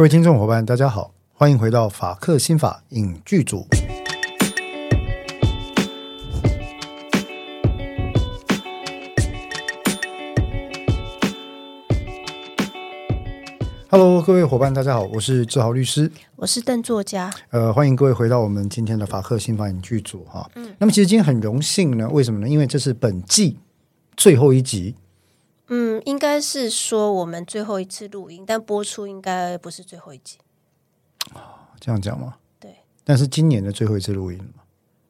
各位聽眾夥伴，大家好，歡迎回到法客心法影劇組。哈嘍，各位夥伴，大家好，我是志豪律師，我是鄧作家，呃，歡迎各位回到我們今天的法客心法影劇組哈。哦、嗯，那麼其實今天很榮幸呢，為什麼呢？因為這是本季最後一集。嗯，應該是說我們最後一次錄音，但播出應該不是最後一集。這樣講嗎？對。但是今年的最後一次錄音？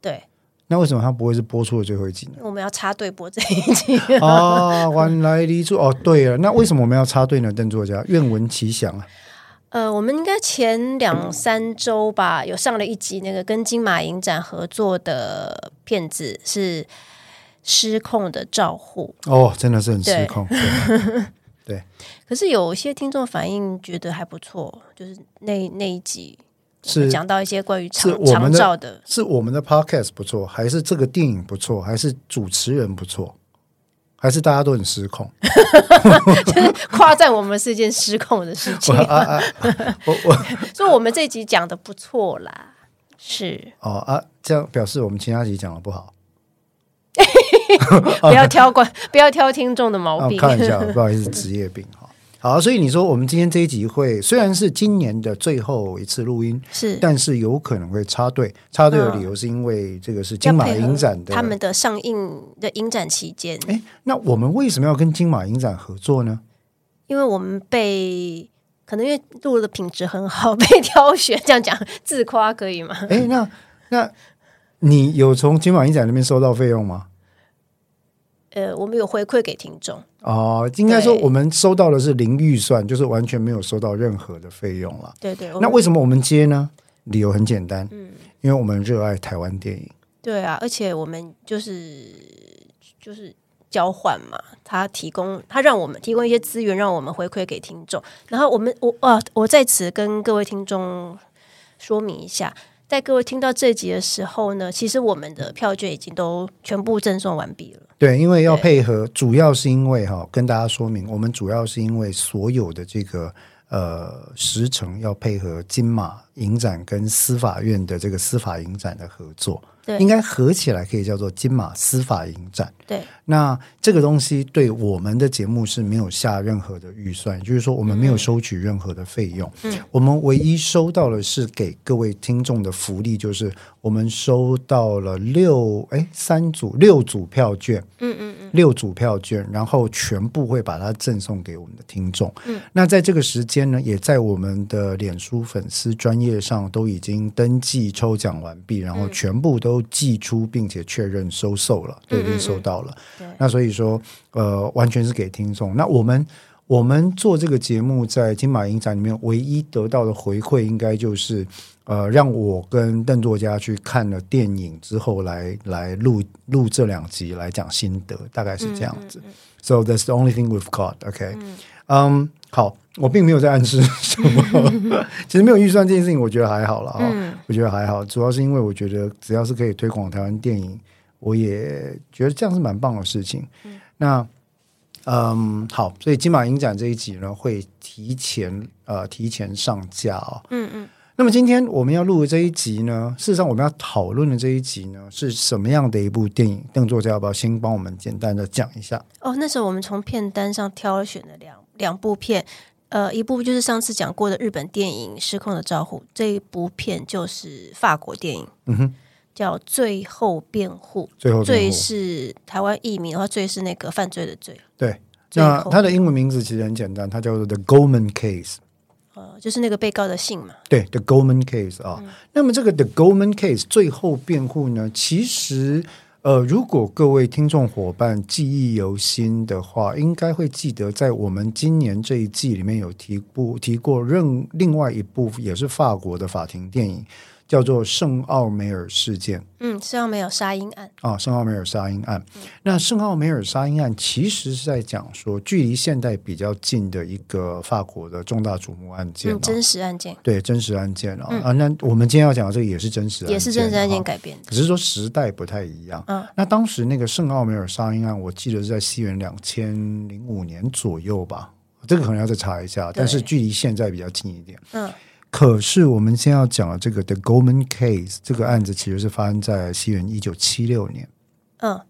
對。那為什麼它不會是播出的最後一集呢？我們要插隊播這一集啊、哦！來 哦，對了，那為什麼我們要插隊呢？鄧作 家，願聞其詳啊。呃，我們應該前兩三週吧，有上了一集那個跟金馬影展合作的片子是。失控的照護。哦，oh, 真的是很失控。對，可是有些聽眾反應覺得還不錯，就是那那一集是講到一些關於長照的，是我們的,的,的 podcast 不錯，還是這個電影不錯，還是主持人不錯，還是大家都很失控， 就是誇讚我們是一件失控的事情我、啊啊。我我， 所以我們這集講的不錯啦，是哦、oh, 啊，這樣表示我們其他集講的不好。 不要挑觀，不要挑聽眾的毛病、 哦。看一下，不好意思，職業病哈。好，所以你說我們今天這一集會雖然是今年的最後一次錄音，是，但是有可能會插隊。插隊的理由是因為這個是金馬影展的，嗯、他們的上映的影展期間。哎、欸，那我們為什麼要跟金馬影展合作呢？因為我們被，可能因為錄的品質很好，被挑選。這樣講，自誇可以嗎？哎、欸，那那你有從金馬影展那邊收到費用嗎？呃，我們有回饋給聽眾哦。應該說我們收到的是零預算，對就是完全沒有收到任何的費用了。對，對對，那為什麼我們接呢？們理由很簡單，嗯，因為我們熱愛台灣電影。對啊，而且我們就是就是交換嘛，他提供他讓我們提供一些資源，讓我們回饋給聽眾。然後我們我啊、呃，我在此跟各位聽眾說明一下。在各位聽到這集的時候呢，其實我們的票券已經都全部贈送完畢了。對，因為要配合，對主要是因為哈、哦，跟大家說明，我們主要是因為所有的這個呃，時程要配合金馬影展跟司法院的這個司法影展的合作，對，應該合起來可以叫做金馬司法影展。對，那這個東西對我們的節目是沒有下任何的預算，也就是說我們沒有收取任何的費用。嗯，嗯，我們唯一收到的是給各位聽眾的福利，就是我們收到了六哎三組六組票券。嗯嗯，嗯，六組票券，然後全部會把它贈送給我們的聽眾。嗯，那在這個時間呢，也在我們的臉書粉絲專頁上都已經登記抽獎完畢，然後全部都寄出並且確認收受了，嗯、對，已經、嗯嗯、收到了。對那所以說，呃，完全是給聽眾。那我們我們做這個節目在金馬影展裡面唯一得到的回饋，應該就是呃，讓我跟鄧作家去看了電影之後來，來來錄錄這兩集來講心得，大概是這樣子。嗯、So that's the only thing we've got. OK，嗯，um, 好，我並沒有在暗示什麼。 其實沒有預算這件事情，我覺得還好了啊、嗯哦，我覺得還好，主要是因為我覺得只要是可以推廣台灣電影。我也覺得這樣是蠻棒的事情。嗯，那嗯，好，所以金馬影展這一集呢會提前，呃，提前上架哦。嗯嗯。那麼今天我們要錄的這一集呢，事實上我們要討論的這一集呢是什麼樣的一部電影？鄧作家要不要先幫我們簡單的講一下？哦，那時候我們從片單上挑選的兩兩部片，呃，一部就是上次講過的日本電影《失控的照護》，這一部片就是法國電影。嗯哼。叫罪後辯護，罪後辯護，罪是台灣譯名，然後，罪是那個犯罪的罪。對，那它的英文名字其實很簡單，它叫做 The Goldman Case。呃，就是那個被告的姓嘛。對，The Goldman Case 啊。嗯，那麼這個 The Goldman Case 罪後辯護呢，其實呃，如果各位聽眾夥伴記憶猶新的話，應該會記得，在我們今年這一季裡面有提過提過，另另外一部也是法國的法庭電影。叫做聖奧梅爾事件。嗯，聖奧梅爾殺嬰案。啊、哦，聖奧梅爾殺嬰案。嗯、那聖奧梅爾殺嬰案其實是在講說，距離現代比較近的一個法國的重大矚目案件，啊嗯，真實案件。對，真實案件啊、嗯、啊。那我們今天要講的這個也是真實案件，也是真實案件改、啊、編。只、哦、是說時代不太一樣。嗯。那當時那個聖奧梅爾殺嬰案，我記得是在西元兩千零五年左右吧？這個可能要再查一下。對。但是距離現在比較近一點。嗯。可是，我們先要講了這個 The Goldman Case 這個案子，其實是發生在西元一九七六年。嗯，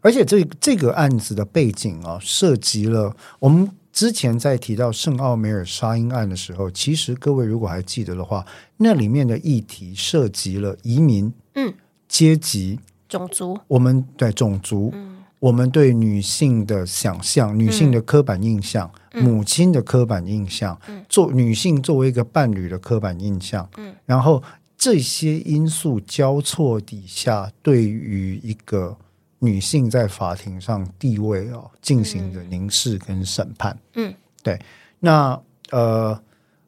而且這這個案子的背景啊，涉及了我們之前在提到聖奧梅爾殺嬰案的時候，其實各位如果還記得的話，那裡面的議題涉及了移民、嗯，階級種族、種族。我們對種族，我們對女性的想象，女性的刻板印象。嗯母親的刻板印象，做女性作為一個伴侶的刻板印象，嗯、然後這些因素交錯底下，對於一個女性在法庭上地位哦，進行的凝視跟審判，嗯，對。那呃，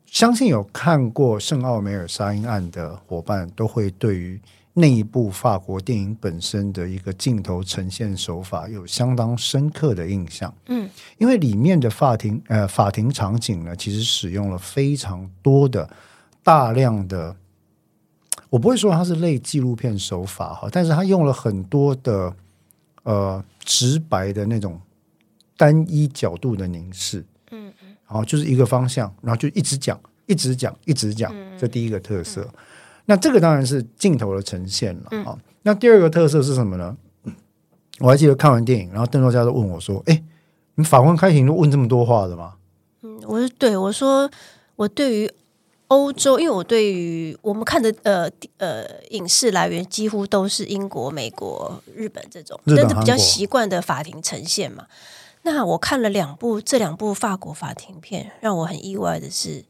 相信有看過聖奧梅爾殺嬰案的夥伴，都會對於。那一部法國電影本身的一個鏡頭呈現手法有相當深刻的印象。嗯，因為裡面的法庭呃法庭場景呢，其實使用了非常多的大量的，我不會說它是類紀錄片手法哈，但是它用了很多的呃直白的那種單一角度的凝視。嗯嗯，然後就是一個方向，然後就一直講，一直講，一直講，嗯、這第一個特色。嗯那這個當然是鏡頭的呈現了。嗯，那第二個特色是什麼呢？我還記得看完電影，然後鄧作家都問我說：“誒，你法官開庭都問這麼多話的嗎？”嗯，我說：“對，我說我對於歐洲，因為我對於我們看的呃呃影視來源幾乎都是英國、美國、日本這種，日本但是比較習慣的法庭呈現嘛。韓國那我看了兩部這兩部法國法庭片，讓我很意外的是。”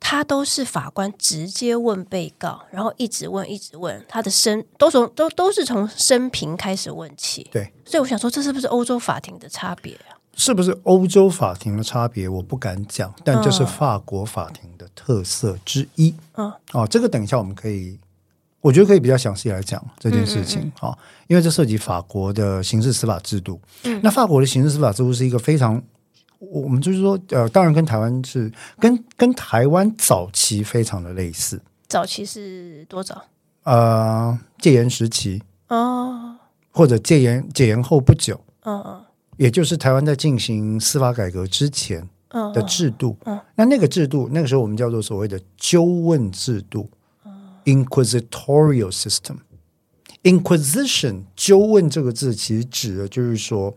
他都是法官直接問被告，然後一直問，一直問，他的生都從都都是從生平開始問起。對，所以我想說，這是不是歐洲法庭的差別啊？是不是歐洲法庭的差別？我不敢講，但這是法國法庭的特色之一。啊、哦，哦，這個等一下我們可以，我覺得可以比較詳細來講這件事情啊、嗯嗯嗯哦，因為這涉及法國的刑事司法制度。嗯，那法國的刑事司法制度是一個非常。我們就是說，呃，當然跟台灣是跟跟台灣早期非常的類似。早期是多早？呃，戒嚴時期哦，oh. 或者戒嚴解嚴後不久，嗯嗯，也就是台灣在進行司法改革之前，嗯的制度，嗯，oh. 那那個制度，那個時候我們叫做所謂的糾問制度，Inquisitorial System，Inquisition，糾問這個字其實指的就是說。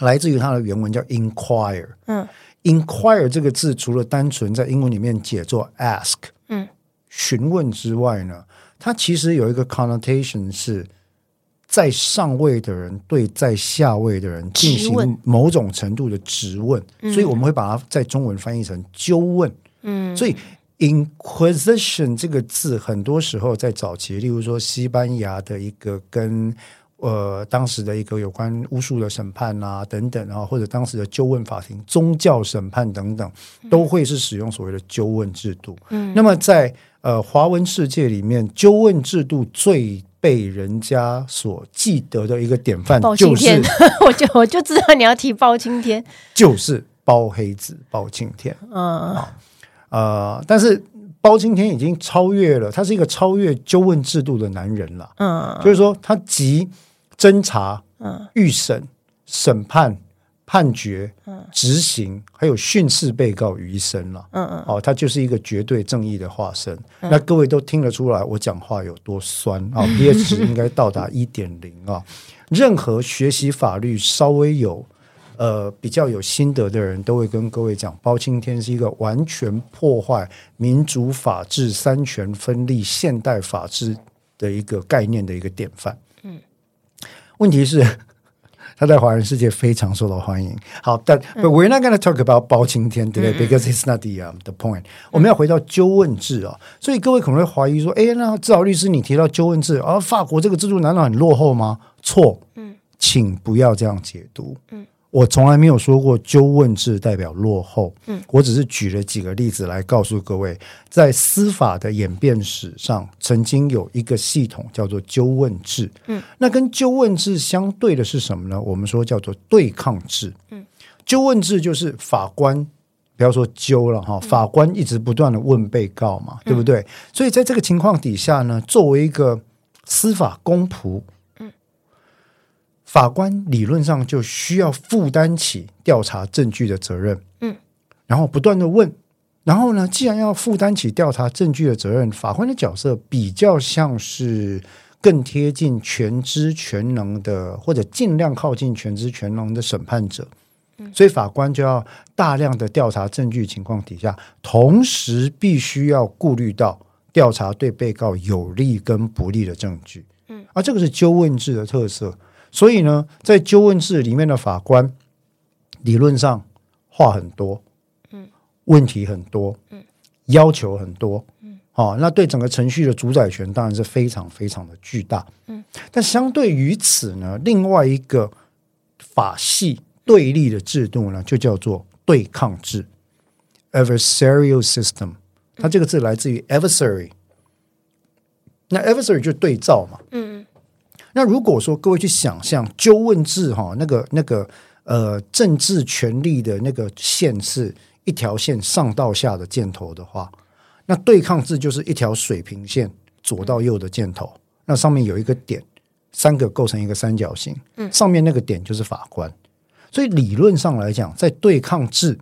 來自於它的原文叫 inquire，嗯，inquire 這個字除了單純在英文裡面解作 ask，嗯，詢問之外呢，它其實有一個 connotation 是在上位的人對在下位的人進行某種程度的質問，問所以我們會把它在中文翻譯成糾問，嗯，所以 inquisition 這個字很多時候在早期，例如說西班牙的一個跟呃，當時的一個有關巫術的審判啊，等等啊，然後或者當時的糾問法庭、宗教審判等等，都會是使用所謂的糾問制度。嗯，那麼在呃華文世界裡面，糾問制度最被人家所記得的一個典範，就是包青天。我就我就知道你要提包青天，就是包黑子包青天。嗯啊呃，但是包青天已經超越了，他是一個超越糾問制度的男人了。嗯，就是說他即。偵查、嗯、預審、審判、判決、執行，還有訓斥被告於一身了，嗯嗯，哦，他就是一個絕對正義的化身。嗯嗯，那各位都聽得出來，我講話有多酸啊！哦， pH 應該到達一點零啊！任何學習法律稍微有呃比較有心得的人都會跟各位講，包青天是一個完全破壞民主法治、三權分立、現代法治的一個概念的一個典範。問題是，他在華人世界非常受到歡迎。好，但、嗯、But we're not going to talk about 包青天 today、嗯嗯、because it's not the、um, the point、嗯。我們要回到糾問制啊、哦，所以各位可能會懷疑說：“哎、欸，那至少律師你提到糾問制，而、啊、法國這個制度難道很落後嗎？”錯，嗯，請不要這樣解讀，嗯。我從來沒有說過糾問制代表落後，嗯，我只是舉了幾個例子來告訴各位，在司法的演變史上，曾經有一個系統叫做糾問制，嗯，那跟糾問制相對的是什麼呢？我們說叫做對抗制，嗯，糾問制就是法官不要說糾了哈，法官一直不斷地問被告嘛，嗯、對不對？所以在這個情況底下呢，作為一個司法公僕。法官理論上就需要負擔起調查證據的責任，嗯，然後不斷地問，然後呢，既然要負擔起調查證據的責任，法官的角色比較像是更貼近全知全能的，或者尽量靠近全知全能的審判者，嗯，所以法官就要大量的調查證據情況底下，同時必須要顧慮到調查對被告有利跟不利的證據，嗯，而，啊，這個是糾問制的特色。所以呢，在糾問制裡面的法官，理論上話很多，嗯，問題很多，嗯，要求很多，嗯，哦，那對整個程序的主宰權當然是非常非常的巨大，嗯。但相對於此呢，另外一個法系對立的制度呢，就叫做對抗制 （adversarial system），嗯。它這個字來自於 adversary，那 adversary 就對照嘛，嗯。那如果說各位去想象糾問制哈，那個那個呃政治權力的那個線是一條線上到下的箭頭的話，那對抗制就是一條水平線左到右的箭頭，那上面有一個點，三個構成一個三角形，嗯，上面那個點就是法官。嗯，所以理論上來講，在對抗制，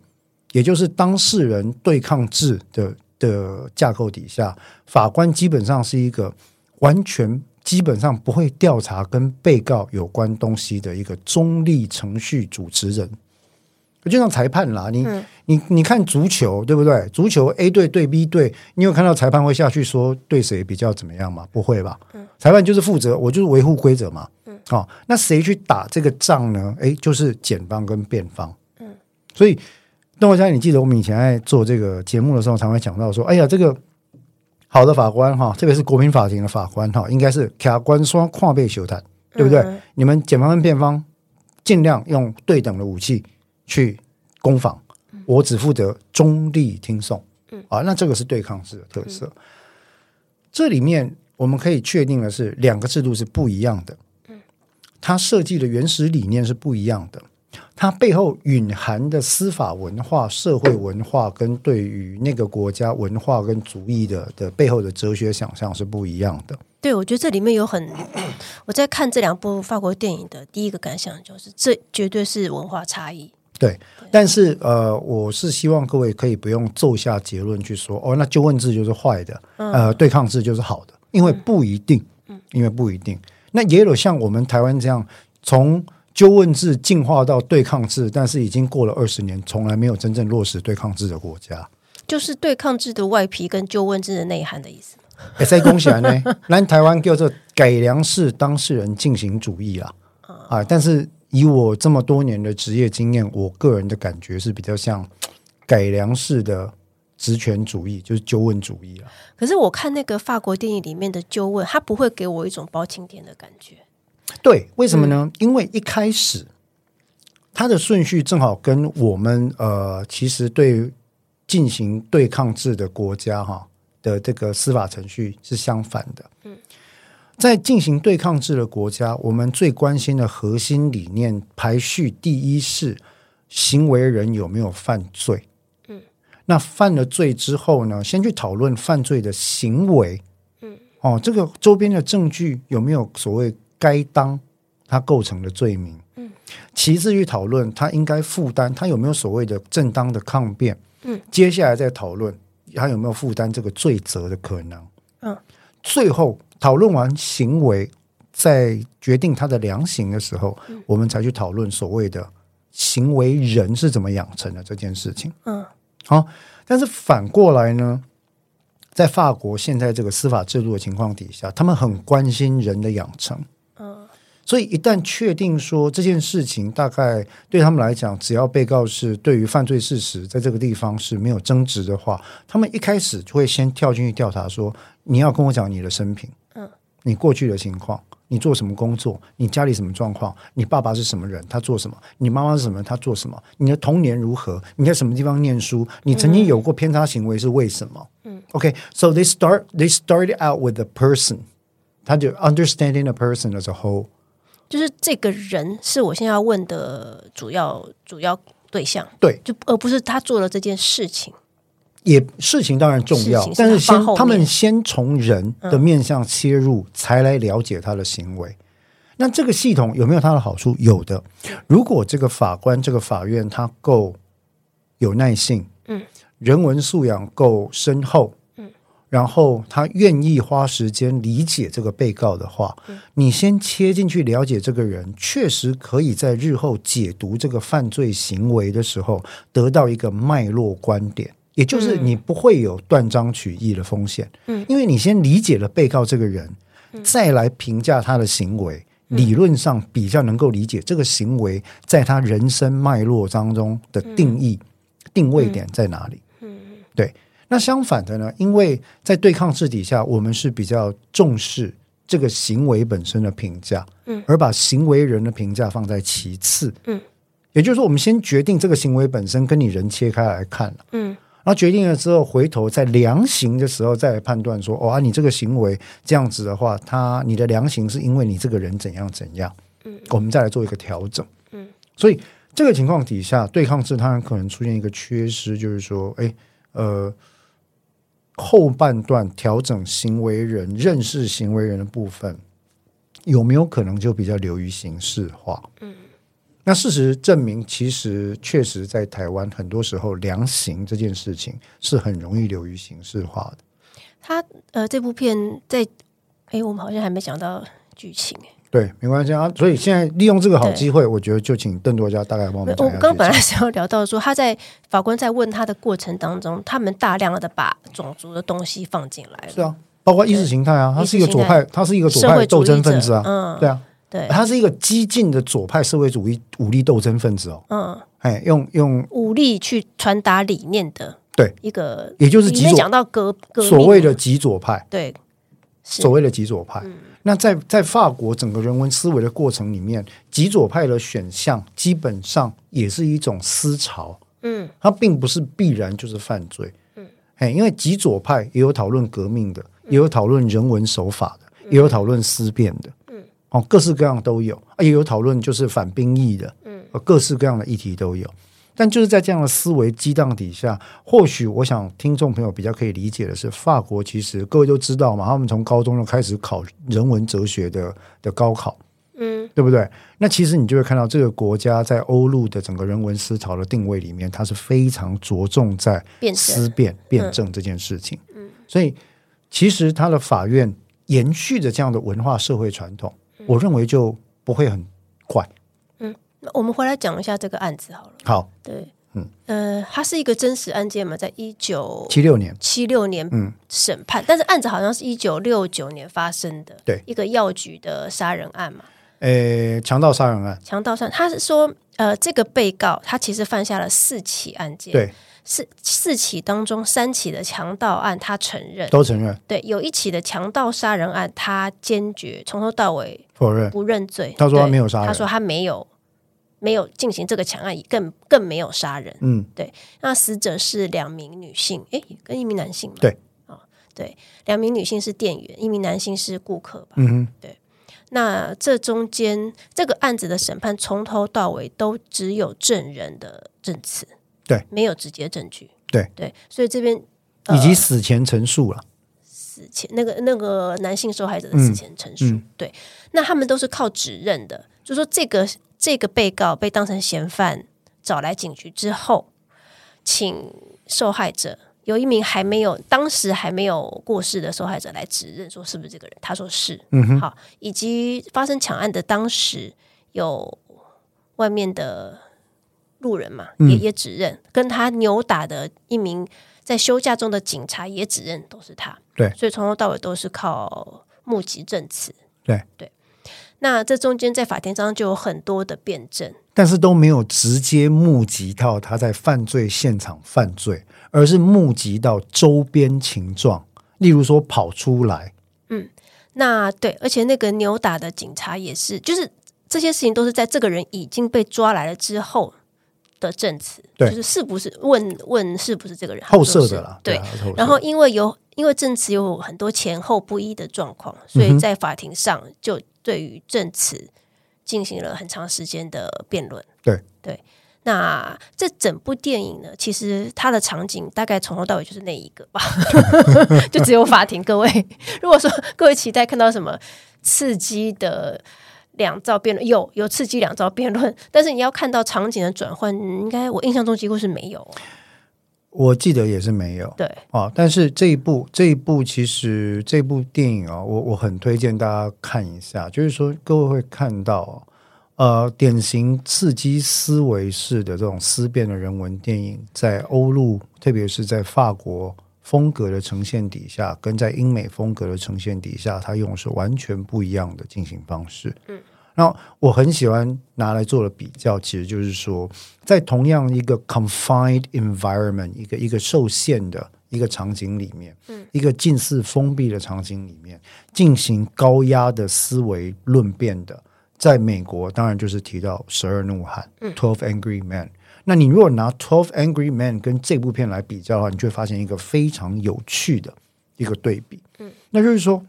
也就是當事人對抗制的的架構底下，法官基本上是一個完全。基本上不會調查跟被告有關東西的一個中立程序主持人，就像裁判啦，你、嗯、你你看足球對不對？足球 A 隊對，對 B 隊，你有看到裁判會下去說對誰比較怎麼樣嗎？不會吧？嗯、裁判就是負責，我就是維護規則嘛。好、嗯哦，那誰去打這個仗呢？誒，就是檢方跟辯方。嗯、所以鄧國祥，我你記得我們以前在做這個節目的時候，常，常會講到說，哎呀，這個。好的法官哈，特別是國民法庭的法官哈，應該是卡官說跨被修台，對不對？嗯嗯、你們檢方跟辯方儘量用對等的武器去攻防，嗯、我只負責中立聽訟、嗯、啊，那這個是對抗制的特色。嗯嗯、這裡面我們可以確定的是，兩個制度是不一樣的，嗯嗯、它設計的原始理念是不一樣的。它背後蘊含的司法文化、社會文化，跟對於那個國家文化跟主義的的背後的哲學想象是不一樣的。對，我覺得這裡面有很，我在看這兩部法國電影的第一個感想就是，這絕對是文化差異。對，但是呃，我是希望各位可以不用驟下結論去說，哦，那糾問制就是壞的，呃，對抗制就是好的，因為不一定，嗯，因為，嗯，因為不一定。那也有像我們台灣這樣從糾問制進化到對抗制，但是已經過了二十年，從來沒有真正落實對抗制的國家，就是對抗制的外皮跟糾問制的內涵的意思。哎，恭喜啊！南台灣叫做改良式當事人進行主義啦，哦、啊，但是以我這麼多年的職業經驗，我個人的感覺是比較像改良式的職權主義，就是糾問主義了。可是我看那個法國電影裡面的糾問，他不會給我一種包青天的感覺。對，為什麼呢？嗯，因為一開始它的順序正好跟我們呃，其實對於進行對抗制的國家哈，哦，的這個司法程序是相反的。嗯，在進行對抗制的國家，我們最關心的核心理念排序第一是行為人有沒有犯罪。嗯，那犯了罪之後呢，先去討論犯罪的行為。嗯，哦，這個週邊的證據有沒有所謂？該當他構成的罪名，嗯，其次去討論他應該負擔他有沒有所謂的正當的抗辯，嗯，接下來再討論他有沒有負擔這個罪責的可能，嗯，最後討論完行為，在決定他的量刑的時候，嗯，我們才去討論所謂的行為人是怎麼養成的這件事情，嗯，好，嗯，但是反過來呢，在法國現在這個司法制度的情況底下，他們很關心人的養成。所以一旦確定說這件事情大概對他們來講，只要被告是對於犯罪事實在這個地方是沒有爭執的話，他們一開始就會先跳進去調查說：你要跟我講你的生平，嗯，你過去的情況，你做什麼工作，你家裡什麼狀況，你爸爸是什麼人，他做什麼，你媽媽是什麼，他做什麼，你的童年如何，你在什麼地方念書，你曾經有過偏差行為是為什麼？嗯，OK，so they start they started out with a person，他就 understanding a person as a whole。就是這個人是我現在要問的主要主要對象，對，就而不是他做了這件事情，也事情當然重要，是後但是先他們先從人的面向切入，嗯、才來了解他的行為。那這個系統有沒有它的好處？有的。如果這個法官、這個法院他夠有耐性，嗯，人文素養夠深厚。然後他願意花時間理解這個被告的話，你先切進去了解這個人，確實可以在日後解讀這個犯罪行為的時候得到一個脈絡觀點，也就是你不會有斷章取義的風險。因為你先理解了被告這個人，再來評價他的行為，理論上比較能夠理解這個行為在他人生脈絡當中的定義定位點在哪裡。對。那相反的呢？因為在對抗制底下，我們是比較重視這個行為本身的評價，嗯、而把行為人的評價放在其次，嗯、也就是說，我們先決定這個行為本身跟你人切開來看了，嗯，然後決定了之後，回頭在量刑的時候再來判斷說，哇、嗯，哦啊、你這個行為這樣子的話，他你的量刑是因為你這個人怎樣怎樣，嗯、我們再來做一個調整，嗯，所以這個情況底下，對抗制它可能出現一個缺失，就是說，哎，呃。後半段調整行為人、認識行為人的部分，有沒有可能就比較流於形式化？嗯，那事實證明，其實確實在台灣，很多時候量刑這件事情是很容易流於形式化的。他呃，這部片在哎，我們好像還沒講到劇情對，沒關係啊。所以現在利用這個好機會，我覺得就請鄧多家大概幫我們。我剛剛本來想要聊到說，他在法官在問他的過程當中，他們大量的把種族的東西放進來了。是啊，包括意識形態啊，他是一個左派，他是一個左派鬥爭分子啊。嗯，對啊，對，他是一個激進的左派社會主義武力鬥爭分子哦。嗯，哎，用用武力去傳達理念的，對一個，也就是今天講到所謂的極左派，對。所謂的極左派，嗯、那在在法國整個人文思維的過程裡面，極左派的選項基本上也是一種思潮，嗯，它並不是必然就是犯罪，嗯，因為極左派也有討論革命的，嗯、也有討論人文守法的，嗯、也有討論思辨的，嗯，各式各樣都有，也有討論就是反兵役的，嗯，各式各樣的議題都有。但就是在這樣的思維激盪底下，或許我想聽眾朋友比較可以理解的是，法國其實各位都知道嘛，他們從高中就開始考人文哲學的的高考，嗯，對不對？那其實你就會看到這個國家在歐陸的整個人文思潮的定位裡面，它是非常着重在思辨、辯誠，辯證這件事情。嗯，嗯，所以其實它的法院延續着這樣的文化社會傳統，我認為就不會很怪。嗯。嗯。那我們回來講一下這個案子好了。好，對，嗯，呃，它是一個真實案件嘛，在一九七六年，七六年，嗯，審判，但是案子好像是一九六九年發生的，對，一個藥局的殺人案嘛，呃，強盜殺人案，強盜殺，他是說，呃，這個被告他其實犯下了四起案件，對，四四起當中三起的強盜案他承認，都承認，對，有一起的強盜殺人案他堅決從頭到尾否認，不認罪，對他說他沒有殺人，他說他沒有。沒有進行這個搶案，更更沒有殺人。嗯，對。那死者是兩名女性，誒，跟一名男性。對，啊、哦，對，兩名女性是店員，一名男性是顧客吧？嗯哼對。那這中間這個案子的審判從頭到尾都只有證人的證詞，對，沒有直接證據。對，對，所以這邊、呃、已經死前陳述了。前那個那個男性受害者的死前陳述，嗯嗯、對，那他們都是靠指認的，就說這個這個被告被當成嫌犯找來警局之後，請受害者有一名還沒有當時還沒有過世的受害者來指認，說是不是這個人？他說是。嗯哼，好，以及發生搶案的當時有外面的路人嘛，嗯、也也指認，跟他扭打的一名在休假中的警察也指認都是他。對，所以從頭到尾都是靠目擊證詞。對對，那這中間在法庭上就有很多的辯證，但是都沒有直接目擊到他在犯罪現場犯罪，而是目擊到周邊情況，例如說跑出來。嗯，那對，而且那個扭打的警察也是，就是這些事情都是在這個人已經被抓來了之後的證詞，對就是是不是問問是不是這個人後射的啦。就是、對，對啊、後然後因為有。因為證詞有很多前後不一的狀況，所以在法庭上就對於證詞進行了很長時間的辯論。嗯、哼對對，那這整部電影呢，其實它的場景大概從頭到尾就是那一個吧，就只有法庭。各位，如果說各位期待看到什麼刺激的兩造辯論，有有刺激兩造辯論，但是你要看到場景的轉換，應該我印象中幾乎是沒有。我記得也是沒有，對啊、哦，但是這一部這一部其實這部電影啊、哦，我我很推薦大家看一下，就是說各位會看到呃典型刺激思維式的這種思辨的人文電影，在歐陸特別是在法國風格的呈現底下，跟在英美風格的呈現底下，它用的是完全不一樣的進行方式。嗯。那我很喜歡拿來做的比較，其實就是說，在同樣一個 confined environment，一個一個受限的一個場景裡面，嗯、一個近似封閉的場景裡面，進行高壓的思維論辯的，在美國當然就是提到十二怒漢 （Twelve、嗯、Angry Men）。那你如果拿 Twelve Angry Men 跟這部片來比較的話，你就會發現一個非常有趣的一個對比。嗯，那就是說。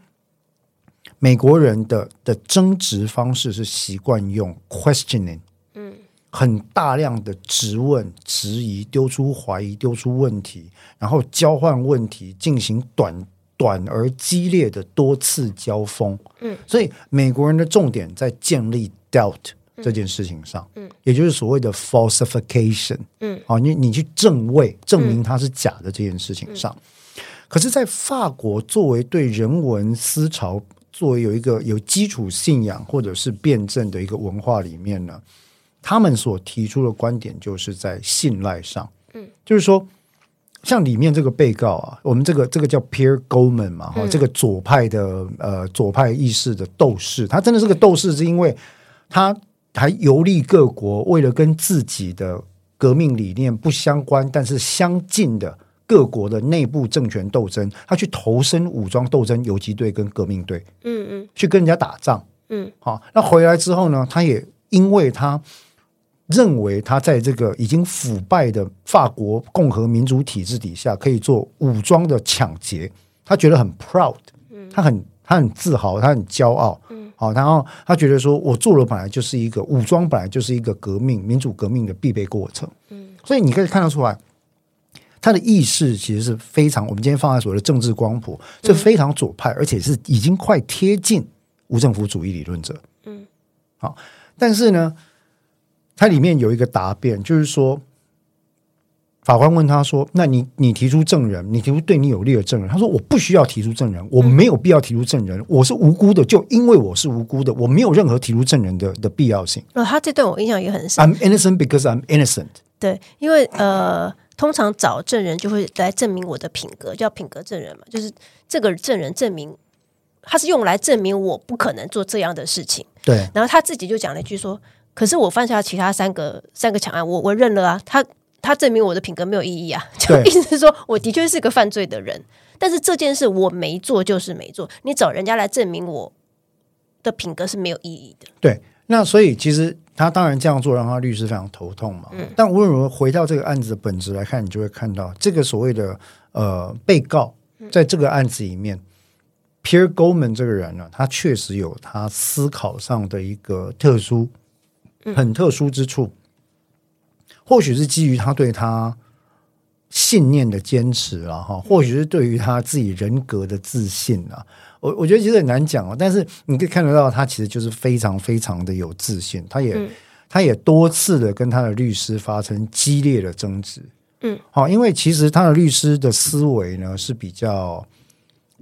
美國人的的爭執方式是習慣用 questioning，嗯，很大量的質問、質疑、丟出懷疑、丟出問題，然後交換問題，進行短短而激烈的多次交鋒，嗯，所以美國人的重點在建立 doubt 這件事情上，嗯，嗯也就是所謂的 falsification，嗯，啊，你你去證偽、證明它是假的這件事情上，嗯、可是在法國作為對人文思潮。作為有一個有基礎信仰或者是辯證的一個文化裡面呢，他們所提出的觀點就是在信賴上，嗯，就是說，像裡面這個被告啊，我們這個這個叫 Pierre Goldman 嘛，嗯。這個左派的呃左派意識的鬥士，他真的是個鬥士，是因為他還遊歷各國，為了跟自己的革命理念不相關但是相近的。各國的內部政權鬥爭，他去投身武裝鬥爭，游擊隊跟革命隊，嗯嗯，嗯去跟人家打仗，嗯，好、哦，那回來之後呢，他也因為他認為他在這個已經腐敗的法國共和民主體制底下可以做武裝的搶劫，他覺得很 proud，嗯，他很他很自豪，他很驕傲，嗯，好、哦，然後他覺得說我做了本來就是一個武裝，本來就是一個革命民主革命的必備過程，嗯，所以你可以看得出來。他的意識其實是非常，我們今天放在所謂的政治光譜，這非常左派，而且是已經快貼近無政府主義理論者。嗯，好，但是呢，他裡面有一個答辯，就是說，法官問他說：“那你你提出證人，你提出對你有利的證人？”他說：“我不需要提出證人，我沒有必要提出證人，我是無辜的，就因為我是無辜的，我沒有任何提出證人的的必要性。”哦，他這對我印象也很深。I'm innocent because I'm innocent。對，因為呃。通常找證人就會來證明我的品格，叫品格證人嘛，就是這個證人證明他是用來證明我不可能做這樣的事情。對，然後他自己就講了一句說：“可是我犯下了其他三個三個搶案，我我認了啊。”他他他證明我的品格沒有意義啊，就意思是說對我的確是個犯罪的人，但是這件事我沒做就是沒做，你找人家來證明我的品格是沒有意義的。對，那所以其實。他當然這樣做讓他律師非常頭痛嘛。嗯、但無論如何，回到這個案子的本質來看，你就會看到這個所謂的呃被告，在這個案子裡面、嗯、Pierre Goldman 這個人呢、啊，他確實有他思考上的一個特殊、嗯、很特殊之處，或許是基於他對他信念的堅持了、啊、哈，或許是對於他自己人格的自信啊。嗯、我我覺得其實很難講啊、哦，但是你可以看得到，他其實就是非常非常的有自信。他也、嗯、他也多次的跟他的律師發生激烈的爭執。嗯，好，因為其實他的律師的思維呢是比較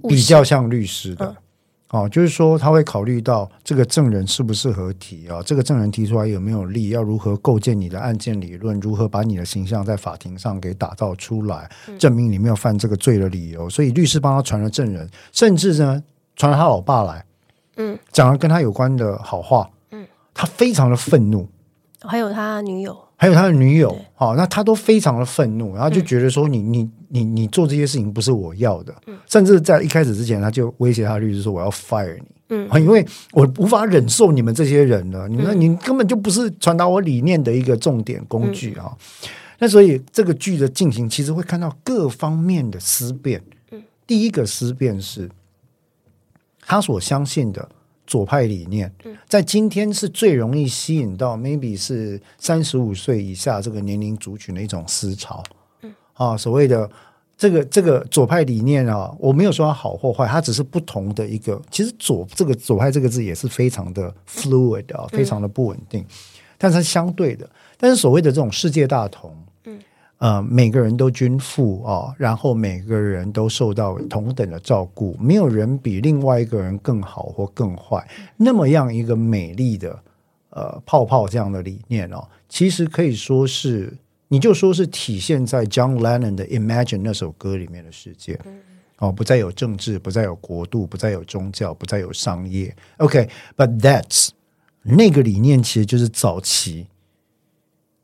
比較像律師的。嗯哦，就是說他會考慮到這個證人適不適合提啊，哦，這個證人提出來有沒有力，要如何構建你的案件理論，如何把你的形象在法庭上給打造出來，嗯，證明你沒有犯這個罪的理由。所以律師幫他傳了證人，甚至呢傳了他老爸來，嗯，講了跟他有關的好話，嗯，他非常的憤怒，還有他女友。還有他的女友，好對、哦，那他都非常的憤怒，然後就覺得說你、嗯、你你你做這些事情不是我要的，嗯、甚至在一開始之前他就威脅他的律師說我要 fire 你，嗯，因為我無法忍受你們這些人了，你們、嗯、你根本就不是傳達我理念的一個重點工具啊、嗯哦。那所以這個劇的進行其實會看到各方面的思辨，第一個思辨是，他所相信的。左派理念，在今天是最容易吸引到，maybe 是三十五歲以下這個年齡族群的一種思潮。嗯，啊，所謂的這個這個左派理念啊，我沒有說它好或壞，它只是不同的一個。其實左這個左派這個字也是非常的 fluid 啊，非常的不穩定，但是相對的，但是所謂的這種世界大同。呃，每個人都均富哦，然後每個人都受到同等的照顧，沒有人比另外一個人更好或更壞。那麼樣一個美麗的呃泡泡這樣的理念哦，其實可以說是，你就說是體現在 John Lennon 的《Imagine》那首歌裡面的世界哦，不再有政治，不再有國度，不再有宗教，不再有商業。OK，but that's 那個理念其實就是早期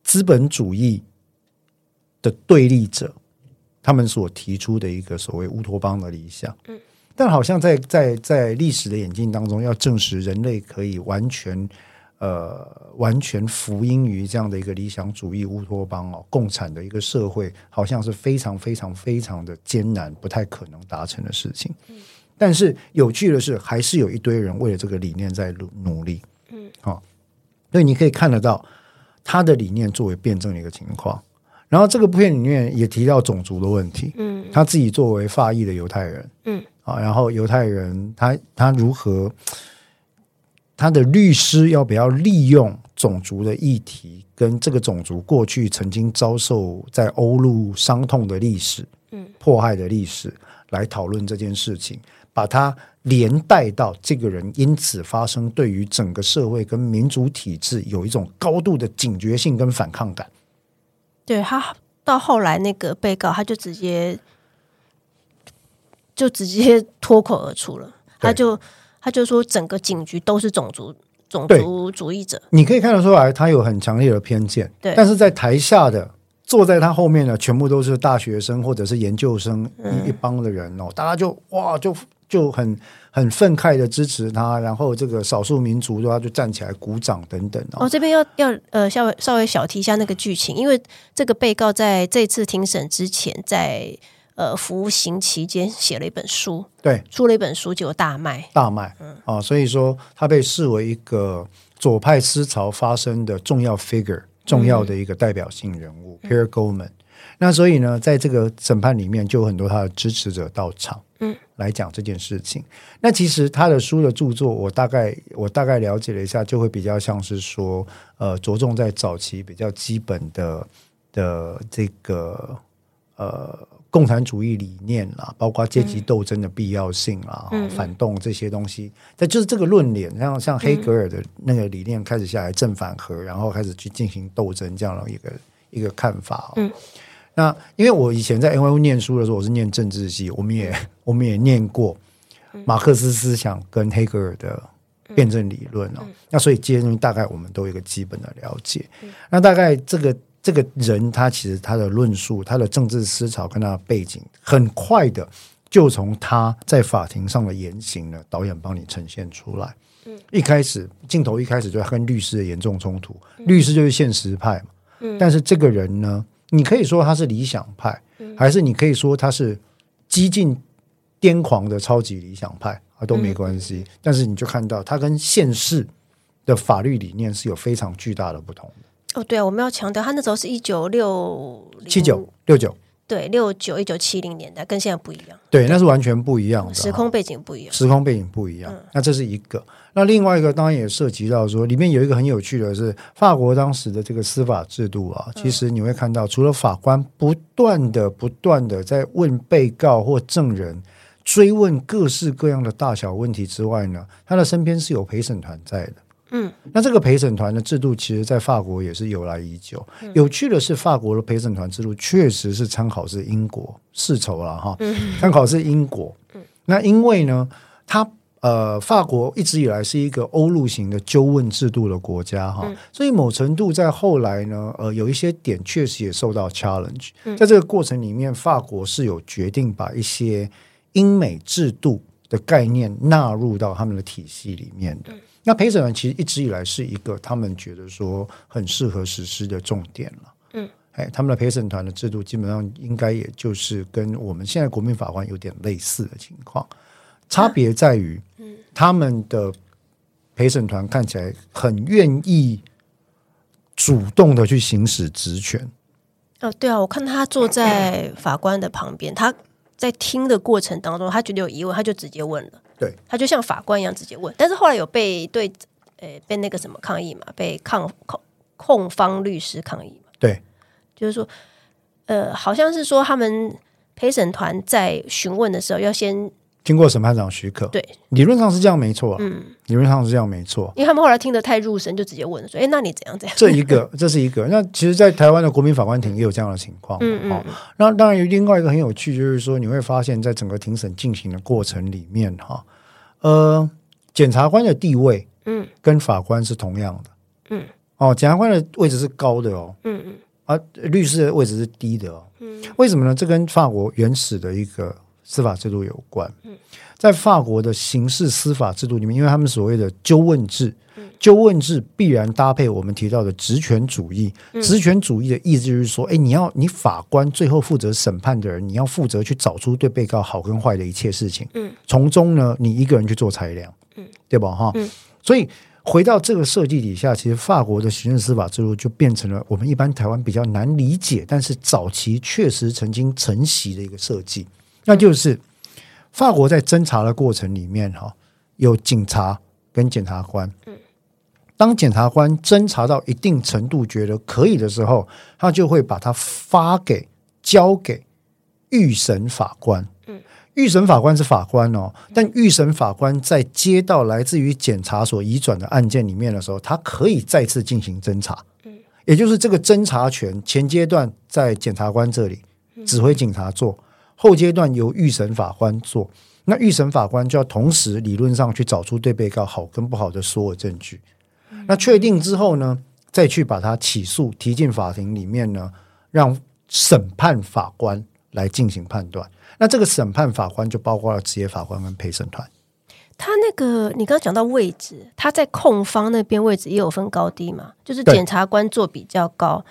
資本主義的對立者，他們所提出的一個所謂烏托邦的理想，嗯，但好像在在在歷史的演進當中，要證實人類可以完全呃完全服膺於這樣的一個理想主義烏托邦哦，共產的一個社會，好像是非常非常非常的艱難，不太可能達成的事情。嗯，但是有趣的是，還是有一堆人為了這個理念在努努力。嗯，好、哦，所以你可以看得到他的理念作為辯證的一個情況。然後這個部片裡面也提到種族的問題，嗯，他自己作為法裔的猶太人，嗯，啊，然後猶太人他他如何？他的律師要不要利用種族的議題跟這個種族過去曾經遭受在歐陸傷痛的歷史，嗯，迫害的歷史來討論這件事情，把它連帶到這個人因此發生對於整個社會跟民族體制有一種高度的警覺性跟反抗感。對，他到後來那個被告，他就直接就直接脫口而出了，對他就他就說整個警局都是種族種族主義者。你可以看得出來，他有很強烈的偏見。對，但是在台下的坐在他後面的全部都是大學生或者是研究生一、嗯、一幫的人哦，大家就哇就就很。很憤慨的支持他，然後這個少數民族的話就站起來鼓掌等等哦。哦這邊要要呃稍微稍微小提一下那個劇情，因為這個被告在這次庭審之前在，在呃服刑期間寫了一本書，對，出了一本書就有大賣大賣，嗯、呃、啊，所以說他被視為一個左派思潮發生的重要 figure，重要的一個代表性人物、嗯、對 Pierre Goldman。嗯、那所以呢，在這個審判裡面就有很多他的支持者到場。來講這件事情，那其實他的書的著作，我大概我大概了解了一下，就會比較像是說，呃，着重在早期比較基本的的這個呃共產主義理念啦，包括階級鬥爭的必要性啊、嗯哦，反動這些東西。嗯、但就是這個論點，像像黑格爾的那個理念開始下來正反合，嗯、然後開始去進行鬥爭這樣的一個一個看法。嗯那因為我以前在 N.Y.U 念書的時候，我是念政治系，我們也我們也念過馬克思思想跟黑格爾的辯證理論、啊、那所以，基於大概我們都有一個基本的了解。那大概這個這個人他其實他的論述、他的政治思潮跟他的背景，很快的就從他在法庭上的言行呢，導演幫你呈現出來。一開始鏡頭一開始就跟律師的嚴重衝突，律師就是現實派嘛。但是這個人呢？你可以說他是理想派，還是你可以說他是激進、癲狂的超級理想派啊，都沒關係。嗯，但是你就看到他跟現世的法律理念是有非常巨大的不同的。哦，對啊，我們要強調，他那時候是一九六七九六九。對，六九一九七零年代跟現在不一樣，對，那是完全不一樣的，的時空背景不一樣，時空背景不一樣。一樣，嗯，那這是一個。那另外一個當然也涉及到說，裡面有一個很有趣的是，法國當時的這個司法制度啊，其實你會看到，除了法官不斷的不斷的在問被告或證人，追問各式各樣的大小問題之外呢，他的身邊是有陪審團在的。嗯，那這個陪審團的制度，其實，在法國也是由來已久。有趣的是，法國的陪審團制度確實是參考是英國世仇啦哈，參考是英國。那因為呢，他呃，法國一直以來是一個歐陸型的糾問制度的國家哈，所以某程度在後來呢，呃，有一些點確實也受到 challenge。在這個過程裡面，法國是有決定把一些英美制度的概念納入到他們的體系裡面的。那陪審團其實一直以來是一個他們覺得說很適合實施的重點了。嗯，哎，他們的陪審團的制度基本上應該也就是跟我們現在國民法官有點類似的情況，差別在於，嗯，他們的陪審團看起來很願意主動的去行使職權，嗯。哦，嗯啊，對啊，我看他坐在法官的旁邊，他在聽的過程當中，他覺得有疑問，他就直接問了。對，他就像法官一樣直接問，但是後來有被對，誒、呃、被那個什麼抗議嘛，被抗控控方律師抗議嘛，對，就是說，呃，好像是說他們陪審團在詢問的時候要先。經過審判長許可，對，理論上是這樣，沒錯，啊。嗯，理論上是這樣，沒錯。因為他們後來聽得太入神，就直接問了說：“哎，那你怎樣怎樣？”這一個，這是一個。那其實，在台灣的國民法官庭也有這樣的情況的。嗯嗯、哦。那當然，有另外一個很有趣，就是說，你會發現在整個庭審進行的過程裡面，哈，呃，檢察官的地位，嗯，跟法官是同樣的。嗯。哦，檢察官的位置是高的哦。嗯嗯。啊，律師的位置是低的哦。嗯。為什麼呢？這跟法國原始的一個。司法制度有關，在法國的刑事司法制度裡面，因為他們所謂的糾問制，糾問制必然搭配我們提到的職權主義。職權主義的意思就是說，哎，你要你法官最後負責審判的人，你要負責去找出對被告好跟壞的一切事情。嗯，從中呢，你一個人去做裁量，嗯，對吧？哈，所以回到這個設計底下，其實法國的刑事司法制度就變成了我們一般台灣比較難理解，但是早期確實曾經承襲的一個設計。那就是法國在偵查的過程裡面，哈，有警察跟檢察官。當檢察官偵查到一定程度，覺得可以的時候，他就會把它發給、交給預審法官。預審法官是法官哦，但預審法官在接到來自於檢察所移轉的案件裡面的時候，他可以再次進行偵查。嗯，也就是這個偵查權前階段在檢察官這裡指揮警察做。後階段由預審法官做，那預審法官就要同時理論上去找出對被告好跟不好的所有證據，那確定之後呢，再去把他起訴提進法庭裡面呢，讓審判法官來進行判斷。那這個審判法官就包括了職業法官跟陪審團。他那個你剛剛講到位置，他在控方那邊位置也有分高低嘛？就是檢察官坐比較高，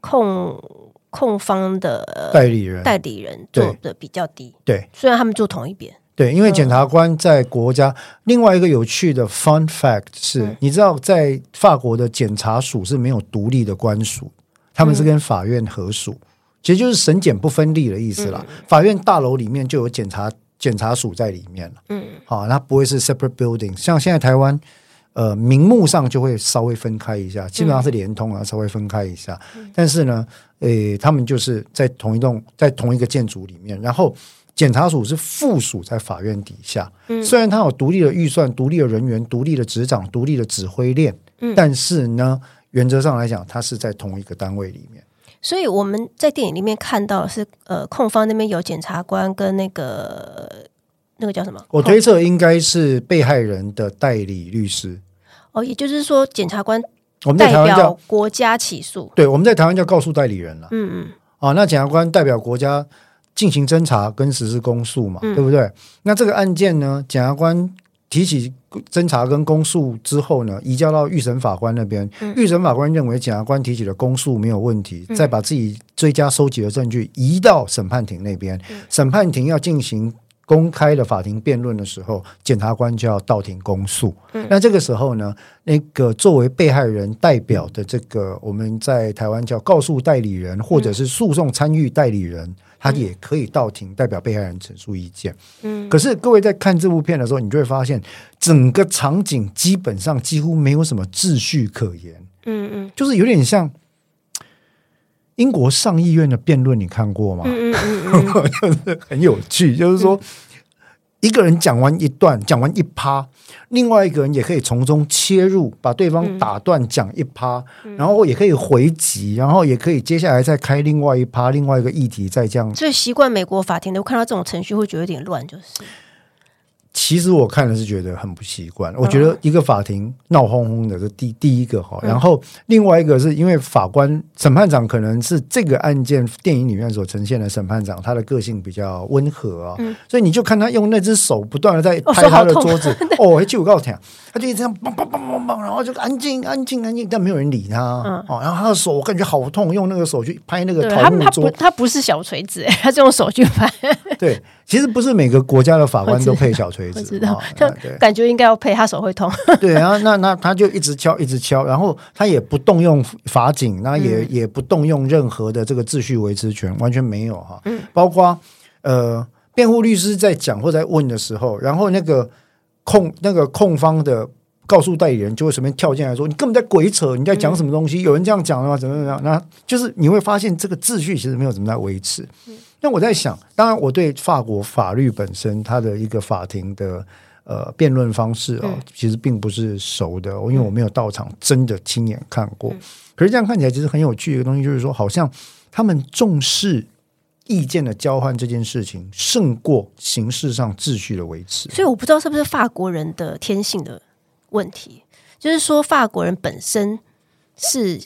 對控。控方的代理人，代理人做的比較低。對，對，雖然他們做同一邊。對，因為檢察官在國家、嗯、另外一個有趣的 fun fact 是，嗯、你知道在法國的檢察署是沒有獨立的官署，他們是跟法院合署，嗯、其實就是審檢不分立的意思啦。嗯、法院大樓裡面就有檢察檢察署在裡面。嗯，好，啊，那不會是 separate building，像現在台灣。呃，名目上就會稍微分開一下，基本上是連通啊，嗯、稍微分開一下。但是呢，欸、他們就是在同一棟、在同一個建築裡面。然後，檢察署是附屬在法院底下。雖然他有獨立的預算、獨立的人員、獨立的職掌、獨立的指揮鏈，但是呢，原則上來講，他是在同一個單位裡面。所以我們在電影裡面看到是，呃，控方那邊有檢察官跟那個。那個叫什麼？我推測應該是被害人的代理律師。哦，也就是說，檢察官代表我們在台灣叫國家起訴，對，我們在台灣叫告訴代理人了。嗯嗯。啊，那檢察官代表國家進行偵查跟實施公訴嘛，嗯、對不對？那這個案件呢，檢察官提起偵查跟公訴之後呢，移交到預審法官那邊。嗯、預審法官認為檢察官提起的公訴沒有問題，嗯、再把自己追加收集的證據移到審判庭那邊。嗯、審判庭要進行公開的法庭辯論的時候，檢察官就要到庭公訴。嗯，那這個時候呢，那個作為被害人代表的這個，嗯，我們在台灣叫告訴代理人，或者是訴訟參與代理人，嗯，他也可以到庭代表被害人陳述意見。嗯，可是各位在看這部片的時候，你就會發現整個場景基本上幾乎沒有什麼秩序可言。嗯嗯，就是有點像。英國上議院的辯論你看過嗎？嗯嗯嗯嗯、 就是很有趣，就是說一個人講完一段，講完一趴，另外一個人也可以從中切入，把對方打斷講一趴，然後也可以回擊，然後也可以接下來再開另外一趴，另外一個議題再這樣。嗯嗯、所以習慣美國法庭，都看到這種程序會覺得有點亂，就是。其實我看的是覺得很不習慣，嗯、我覺得一個法庭鬧哄哄的，嗯、這是第第一個哈。然後另外一個是因為法官審判長可能是這個案件電影裡面所呈現的審判長，他的個性比較溫和啊、哦，嗯、所以你就看他用那隻手不斷的在拍他的桌子。哦，記我告訴你啊，他就一直這樣砰砰砰砰，然後就安靜安靜安靜，但沒有人理他。嗯哦、然後他的手我感覺好痛，用那個手去拍那個桃木桌子。他不他不是小錘子，他是用手去拍。對。 其實不是每個國家的法官都配小錘子，我知道，就、哦、感覺應該要配，他手會痛。 對、啊，然後那那他就一直敲，一直敲，然後他也不動用法警，嗯、那也也不動用任何的這個秩序維持權，完全沒有哈。哦、嗯，包括呃，辯護律師在講或在問的時候，然後那個控那個控方的。告訴代理人，就會隨便跳進來說：“你根本在鬼扯，你在講什麼東西？”嗯、有人這樣講的嗎？怎麼怎麼樣？那就是你會發現，這個秩序其實沒有怎麼在維持。嗯、那我在想，當然我對法國法律本身，它的一個法庭的呃辯論方式啊、哦，其實並不是熟的，嗯、因為我沒有到場，真的親眼看過。嗯、可是這樣看起來，其實很有趣的一個東西，就是說，好像他們重視意見的交換這件事情，勝過形式上秩序的維持。所以我不知道是不是法國人的天性的。問題就是說，法國人本身是，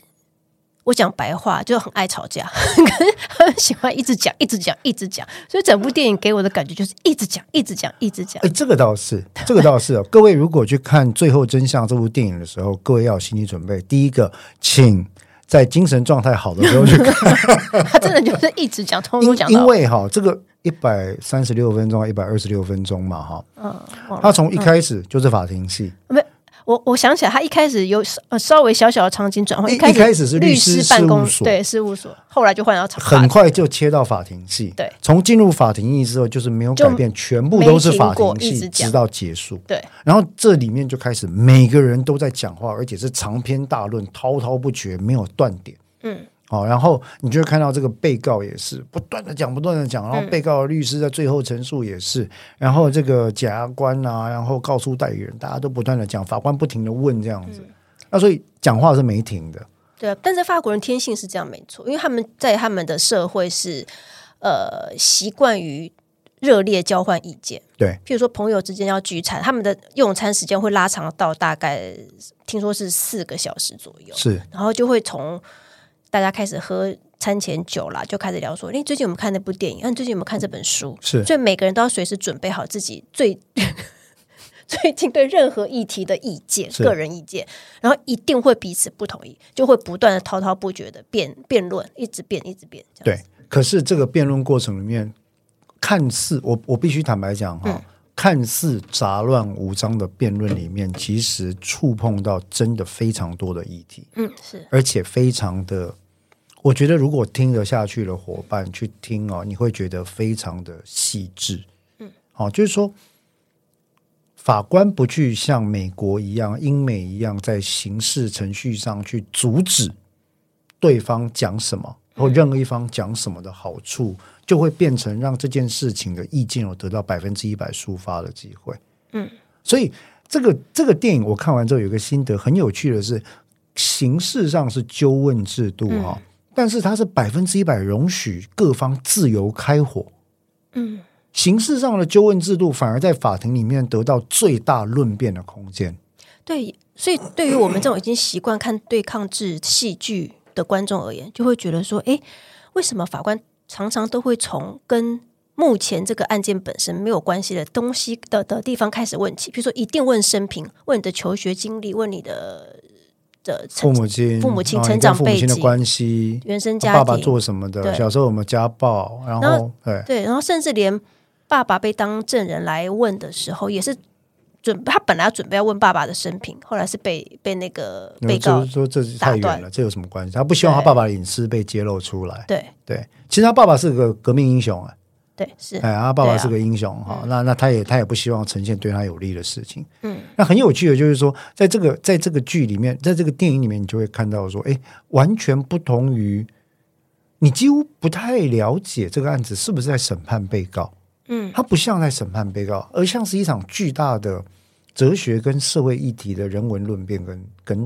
我講白話就很愛吵架，可是很喜歡一直講、一直講、一直講，所以整部電影給我的感覺就是一直講、一直講、一直講。欸、這個倒是，這個倒是、哦。各位如果去看《最後真相》這部電影的時候，各位要有心理準備：第一個，請在精神狀態好的時候去看。他真的就是一直講，通通講。因為哈、哦，這個。一百三十六分鐘，一百二十六分鐘嘛，哈，嗯，他從一開始就是法庭戲，沒、嗯，我我想起來，他一開始有稍稍微小小的場景轉換，一一開始是律師，律師事務所，對，所對，事務所，後來就換到法庭，很快就切到法庭戲，對，從進入法庭戲之後就是沒有改變，全部都是法庭戲，直，直到結束，對，然後這裡面就開始每個人都在講話，而且是長篇大論，滔滔不絕，沒有斷點，嗯。好，然後你就會看到這個被告也是不斷的講，不斷的講，然後被告的律師在最後陳述也是，嗯、然後這個檢察官啊，然後告訴代理人，大家都不斷的講，法官不停的問，這樣子。嗯、那所以講話是沒停的。對、啊、但是法國人天性是這樣，沒錯，因為他們在他們的社會是呃習慣於熱烈交換意見。對，譬如說朋友之間要聚餐，他們的用餐時間會拉長到大概聽說是四個小時左右，是，然後就會從。大家開始喝餐前酒了，就開始聊說：“你最近有沒有看那部電影？”“你最近有沒有看這本書？”是，所以每個人都要隨時準備好自己最呵呵最近對任何議題的意見，是個人意見，然後一定會彼此不同意，是就會不斷的滔滔不絕的辯辯論，一直辯，一直辯。一直辯，這樣對，可是這個辯論過程裡面，看似我我必須坦白講哈，嗯，看似雜亂無章的辯論裡面，其實觸碰到真的非常多的議題，嗯，是，而且非常的。我覺得如果聽得下去的伙伴去聽哦，你會覺得非常的細緻。嗯，好，就是說，法官不去像美國一樣、英美一樣，在形式程序上去阻止對方講什麼或任何一方講什麼的好處，嗯、就會變成讓這件事情的意見有得到百分之一百抒發的機會。嗯，所以這個這個電影我看完之後有個心得，很有趣的是，形式上是糾問制度啊、哦。嗯但是它是百分之一百容許各方自由開火，嗯，刑事上的糾問制度反而在法庭裡面得到最大論辯的空間。對，所以對於我們這種已經習慣看對抗制戲劇的觀眾而言，就會覺得說，哎，為什麼法官常常都會從跟目前這個案件本身沒有關係的東西的的地方開始問起？比如說，一定問生平，問你的求學經歷，問你的。父母親、父母親成長背景、父母親的關係、原生家庭、爸爸做什麼的，對小時候有沒有家暴？然後，那對對，然後甚至連爸爸被當證人來問的時候，也是准他本來準備要問爸爸的生平，後來是被被那個被告說，說這太遠了，這有什麼關係？他不希望他爸爸的隱私被揭露出來。對對，其實他爸爸是個革命英雄啊。對，是哎，他爸爸是個英雄哈，啊，那那他也他也不希望呈現對他有利的事情。嗯，那很有趣的，就是說，在這個在這個劇裡面，在這個電影裡面，你就會看到說，哎，完全不同於你幾乎不太了解這個案子，是不是在審判被告。嗯，他不像在審判被告，而像是一場巨大的哲學跟社會議題的人文論辯跟跟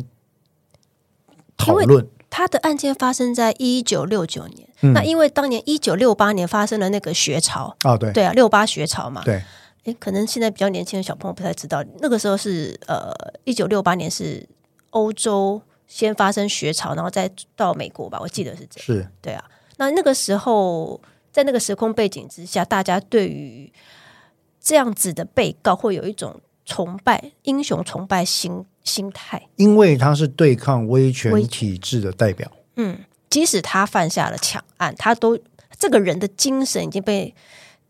討論。他的案件發生在一九六九年。嗯、那因為當年一九六八年發生了那個學潮、哦、對，對啊，六八學潮嘛。對、欸，可能現在比較年輕的小朋友不太知道，那個時候是呃，一九六八年是歐洲先發生學潮，然後再到美國吧，我記得是這樣。是對啊，那那個時候在那個時空背景之下，大家對於這樣子的被告會有一種崇拜英雄崇拜心心態，因為他是對抗威權體制的代表。嗯。即使他犯下了搶案，他都這個人的精神已經被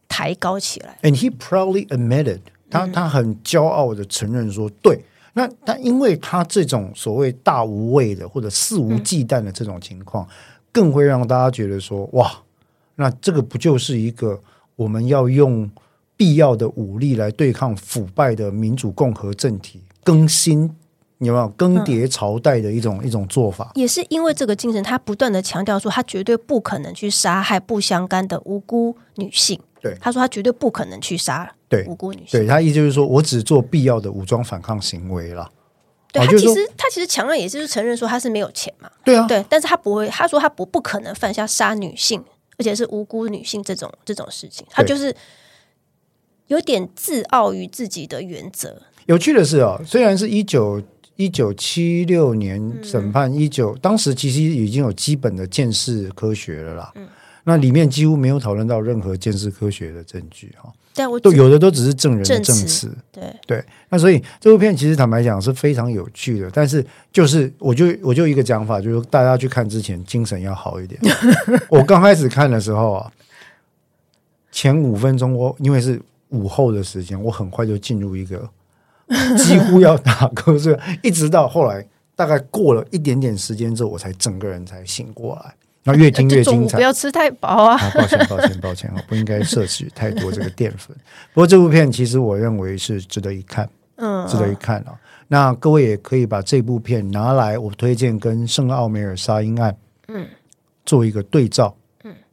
抬高起來。And he proudly admitted，、嗯、他他很驕傲地承認說，對。那他因為他這種所謂大無畏的或者肆無忌憚的這種情況，嗯、更會讓大家覺得說，哇，那這個不就是一個我們要用必要的武力來對抗腐敗的民主共和政體更新？有沒有更迭朝代的一種、嗯、一種做法？也是因為這個精神，他不斷地強調說，他絕對不可能去殺害不相干的無辜女性。對，他說他絕對不可能去殺無辜女性。對，對他意思就是說，我只做必要的武裝反抗行為了。對，他其實、哦就是、他其實強調也就是承認說他是沒有錢嘛。對啊，對，但是他不會，他說他不不可能犯下殺女性，而且是無辜女性這種這種事情。他就是有點自傲於自己的原則。有趣的是啊、哦，雖然是一九。一九七六年審判 19,、嗯，一九當時其實已經有基本的鑑識科學了啦。嗯、那裡面幾乎沒有討論到任何鑑識科學的證據哈，但我有的都只是證人的證詞、證詞，對對，那所以這部片其實坦白講是非常有趣的，但是就是我就我就一個講法，就是大家去看之前精神要好一點， 我剛開始看的時候啊，前五分鐘我因為是午後的時間，我很快就進入一個。 幾乎要打瞌睡，一直到後來，大概過了一點點時間之後，我才整個人才醒過來。那越聽越精彩。不要吃太飽啊, 啊！抱歉，抱歉，抱歉，我不應該攝取太多這個澱粉。 不過這部片其實我認為是值得一看，嗯，值得一看啊。那各位也可以把這部片拿來，我推薦跟《聖奧梅爾殺嬰案》嗯做一個對照。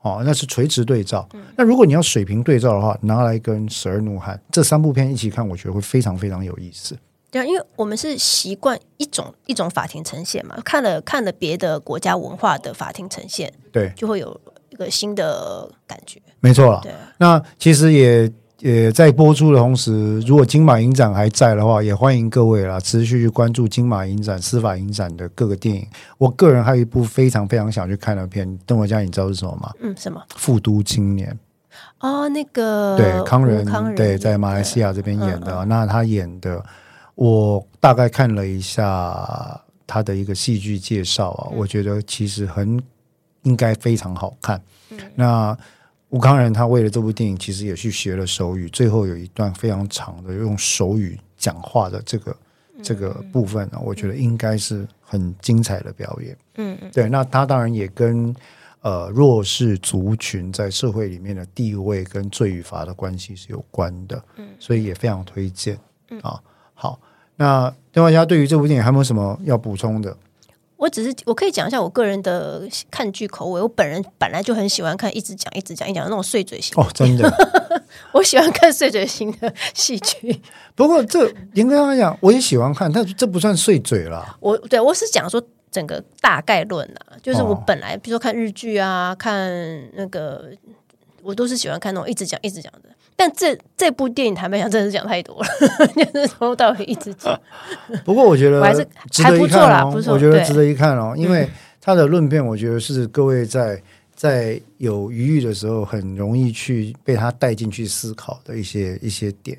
哦，那是垂直對照。嗯、那如果你要水平對照的話，拿來跟《十二怒漢》這三部片一起看，我覺得會非常非常有意思。對、啊，因為我們是習慣一種一種法庭呈現嘛，看了看了別的國家文化的法庭呈現，對，就會有一個新的感覺。沒錯了。對啊、那其實也。也在播出的同時，如果金馬影展還在的話，嗯、也歡迎各位啦持續去關注金馬影展、司法影展的各個電影。我個人還有一部非常非常想去看的片，鄧家佳，你知道是什麼嗎？嗯，什麼？《富都青年》哦，那個對，康仁，康仁對，對，在馬來西亞這邊演的。嗯嗯，那他演的，我大概看了一下他的一個戲劇介紹啊，嗯、我覺得其實很應該非常好看。嗯、那。吳康仁他為了這部電影，其實也去學了手語，最後有一段非常長的用手語講話的這個、嗯、這個部分呢、啊，我覺得應該是很精彩的表演。嗯，對。那他當然也跟呃弱勢族群在社會裡面的地位跟罪與罰的關係是有關的。嗯，所以也非常推薦。啊，嗯、好。那另外一家對於這部電影還有沒有什麼要補充的？我只是我可以講一下我個人的看劇口味。我本人本來就很喜歡看，一直講一直講一直講那種碎嘴型。哦，真的， 我喜歡看碎嘴型的戲劇。不過這嚴格來講，我也喜歡看，但這不算碎嘴啦。我對我是講說整個大概論啊，就是我本來比如說看日劇啊，看那個我都是喜歡看那種一直講一直講的。但這這部電影，坦白講，真的是講太多了，呵呵就是從頭到尾一直講。啊、不過我覺得還不錯啦，不錯，我覺得值得一看哦。因為他的論辯，我覺得是各位在在有餘裕的時候，很容易去被他帶進去思考的一些一些點。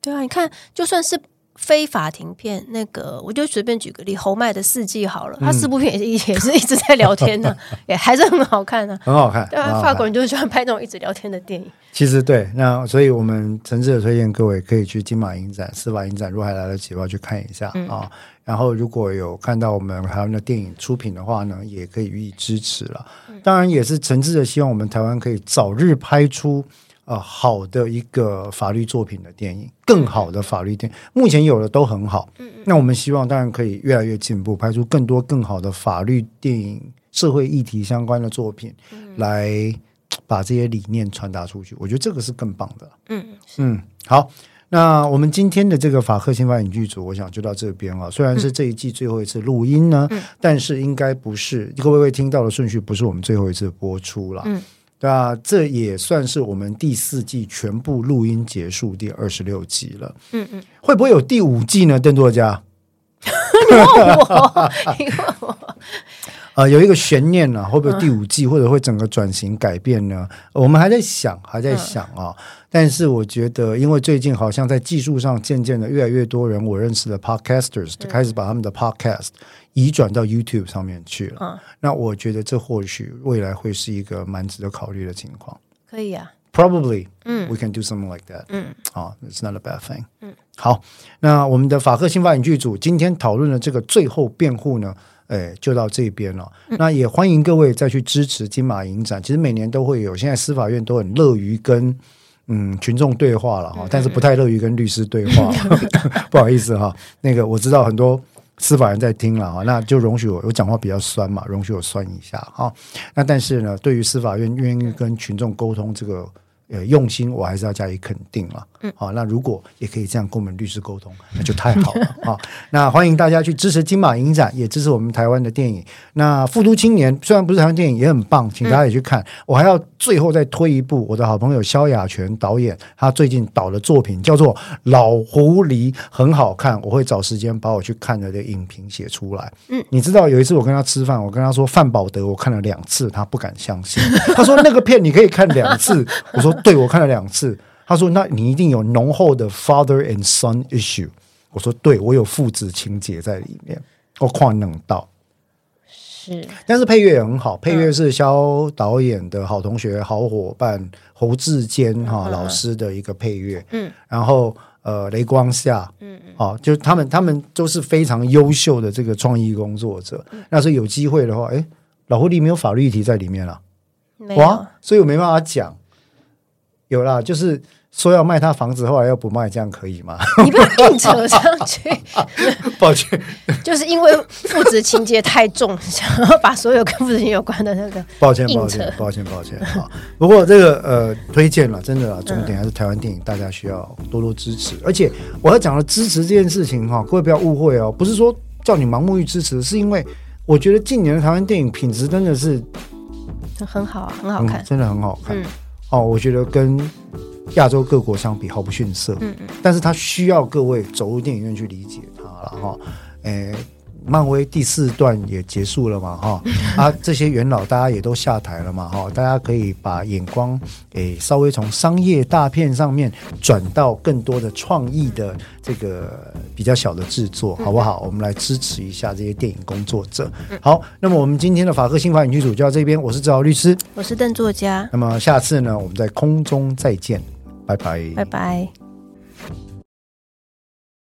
對啊，你看，就算是。非法庭片那個，我就隨便舉個例，《侯麥的四季》好了，他四部片也是、嗯、也是一直在聊天呢、啊， 也還是很好看呢、啊，很好看。對啊，法國人就是喜歡拍那種一直聊天的電影。其實對，那所以我們誠摯的推薦各位可以去金馬影展、司法影展，如果還來得及，要去看一下、嗯、啊。然後如果有看到我們台灣的電影出品的話呢，也可以予以支持了。嗯、當然，也是誠摯的希望我們台灣可以早日拍出。呃，好的一個法律作品的電影，更好的法律電影，影目前有的都很好。嗯嗯、那我們希望當然可以越來越進步，拍出更多更好的法律電影、社會議題相關的作品，嗯、來把這些理念傳達出去。我覺得這個是更棒的。嗯嗯，好，那我們今天的這個法客心法影劇組，我想就到這邊啊。雖然是這一季最後一次錄音呢，嗯、但是應該不是各位會，會聽到的順序，不是我們最後一次播出了。嗯對、啊、這也算是我們第四季全部錄音結束，第二十六集了。嗯嗯，嗯會不會有第五季呢？鄧多佳， 你問我，你問我、呃，有一個懸念啊，會不會第五季、嗯、或者會整個轉型改變呢？我們還在想，還在想啊。嗯、但是我覺得，因為最近好像在技術上，漸漸的越來越多人，我認識的 podcasters 就開始把他們的 podcast、嗯。嗯移轉到 YouTube 上面去了。哦、那我覺得這或許未來會是一個蠻值得考慮的情況。可以啊，probably，w、嗯、e can do something like that。嗯，啊、uh,，it's not a bad thing。嗯，好，那我們的法客心法影劇組今天討論的這個最後辯護呢，哎，就到這邊了、哦。嗯、那也歡迎各位再去支持金馬影展。其實每年都會有，現在司法院都很樂於跟嗯群眾對話了哈，嗯嗯嗯但是不太樂於跟律師對話。不好意思哈，那個我知道很多。司法院在聽了啊，那就容許我，我講話比較酸嘛，容許我酸一下哈。那但是呢，對於司法院願意跟群眾溝通這個。呃，用心我還是要加以肯定了。好、嗯哦，那如果也可以這樣跟我們律師溝通，那就太好了好、。 哦，那歡迎大家去支持金馬影展，也支持我們台灣的電影。那《富都青年》雖然不是台灣電影，也很棒，請大家也去看。嗯、我還要最後再推一部，我的好朋友蕭雅全導演，他最近導的作品叫做《老狐狸》，很好看。我會找時間把我去看了的影評寫出來。嗯，你知道有一次我跟他吃飯，我跟他說《范保德》，我看了兩次，他不敢相信，他說，那個片你可以看兩次。 我說。對，我看了兩次。他說：“那你一定有濃厚的 father and son issue。”我說：“對，我有父子情結在裡面。我”我誇能到是，但是配樂也很好。配樂是蕭導演的好同學、好夥伴侯志堅哈、啊、老師的一個配樂。嗯，然後呃，雷光夏，嗯嗯，啊，就他們，他們都是非常優秀的這個創意工作者。嗯、那那是有機會的話，哎，老狐狸沒有法律議題在裡面了、啊，有哇，所以我沒辦法講。有啦，就是說要賣他房子，後來又不賣，這樣可以嗎？你不要硬扯上去， 抱歉， 就是因為父子情節太重，想要 把所有跟父子情有關的那個，抱歉，抱歉，抱歉，抱歉。好，不過這個呃，推薦了，真的啊，重點還是台灣電影，嗯、大家需要多多支持。而且我要講的支持這件事情哈、啊，各位不要誤會哦，不是說叫你盲目去支持，是因為我覺得近年的台灣電影品質真的是很好啊，很好看、嗯，真的很好看。嗯哦，我覺得跟亞洲各國相比毫不遜色，嗯嗯，但是它需要各位走入電影院去理解它了哈，哎。欸漫威第四段也結束了嘛，哈、哦， 啊，這些元老大家也都下台了嘛，哈、哦，大家可以把眼光誒、欸、稍微從商業大片上面轉到更多的創意的這個比較小的制作，嗯、好不好？我們來支持一下這些電影工作者。嗯、好，那麼我們今天的法客心法影劇組就到這邊，我是趙律師，我是鄧作家。那麼下次呢，我們在空中再見，拜拜，拜拜。